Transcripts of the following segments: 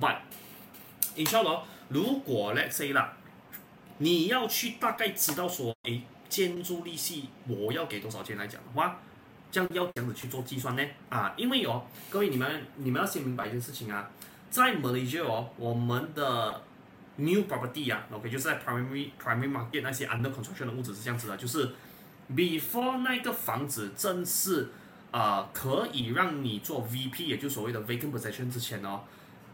但，你知唔知咯？如果 let's say 啦，你要去大概知道說，誒、哎，建築利息我要給多少錢來講的話，這樣要這樣子去做計算呢？啊，因為哦，各位你們你們要先明白一件事情啊，在 Malaysia 哦，我們的 new property 啊，OK，就是在 primary primary market 那些 under construction 的物質是這樣子的，就是 before 那個房子正式啊、呃、可以讓你做 VP，也就是所謂的 vacant possession 之前哦。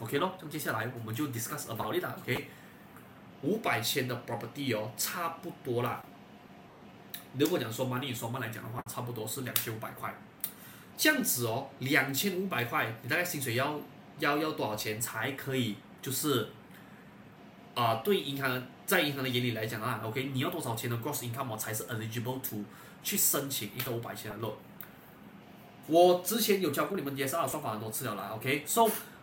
OK 咯，那麼接下來，我們就 discuss about it。OK，五百千的 property 哦，差不多啦。如果講說 money 孖利雙半來講的話，差不多是兩千五百塊。這樣子哦，兩千五百塊，你大概薪水要要要多少錢才可以，就是啊、呃，對銀行在銀行的眼裏來講啊 OK 你要多少錢的 gross income 才是 eligible to 去申請一個五百千的 loan。我之前有教過你們 DSR 的算法很多次了啦，OK，so。Okay? So,